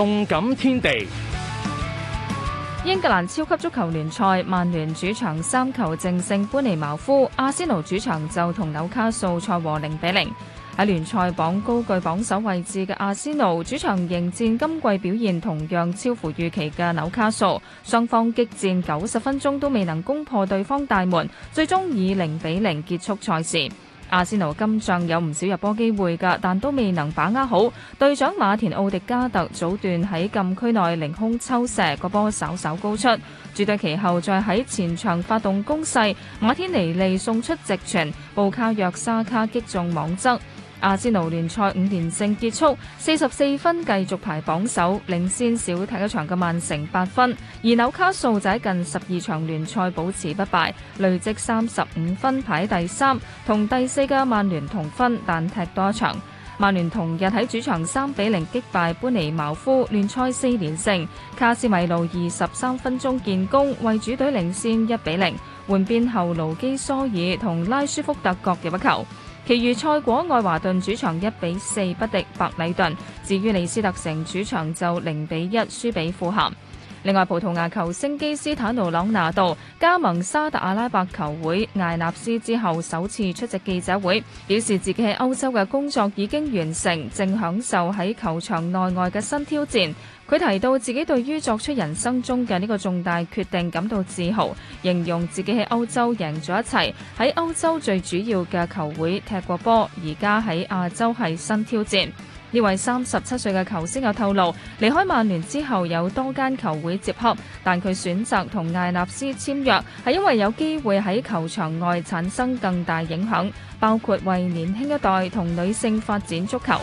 動感天地，英格蘭超級足球聯賽，曼聯主場三球淨勝般尼茅夫，阿仙奴主場就同紐卡素賽和零比零。喺聯賽榜高居榜首位置嘅阿仙奴主場迎戰今季表現同樣超乎預期嘅紐卡素，雙方激戰九十分鐘都未能攻破對方大門，最終以零比零結束賽事。阿仙奴今仗有唔少入波機會㗎，但都未能把握好。隊長馬田奧迪加特早段喺禁區內凌空抽射，個波稍稍高出。主隊其後再喺前場發動攻勢，馬天尼利送出直傳，布卡約沙卡擊中網側。阿仙奴聯賽五連勝結束，四十四分繼續排榜首，領先少踢一場嘅曼城八分。而紐卡素仔近十二場聯賽保持不敗，累積三十五分排第三，同第四嘅曼聯同分，但踢多場。曼聯同日喺主場三比零擊敗般尼茅夫，聯賽四連勝。卡斯米路二十三分鐘建功，為主隊領先一比零。換邊後，盧基蘇爾同拉舒福特各入一球。其餘賽果：愛華頓主場一比四不敵白禮頓，至於李斯特城主場就零比一輸俾富咸。另外，葡萄牙球星基斯坦奴·朗拿度加盟沙特阿拉伯球會艾納斯之後，首次出席記者會，表示自己喺歐洲嘅工作已經完成，正享受喺球場內外嘅新挑戰。佢提到自己對於作出人生中嘅呢個重大決定感到自豪，形容自己喺歐洲贏咗一切，喺歐洲最主要嘅球會踢過波，而家喺亞洲係新挑戰。呢位三十七歲嘅球星有透露，離開曼聯之後有多間球會接洽，但佢選擇同艾納斯簽約，係因為有機會喺球場外產生更大影響，包括為年輕一代同女性發展足球。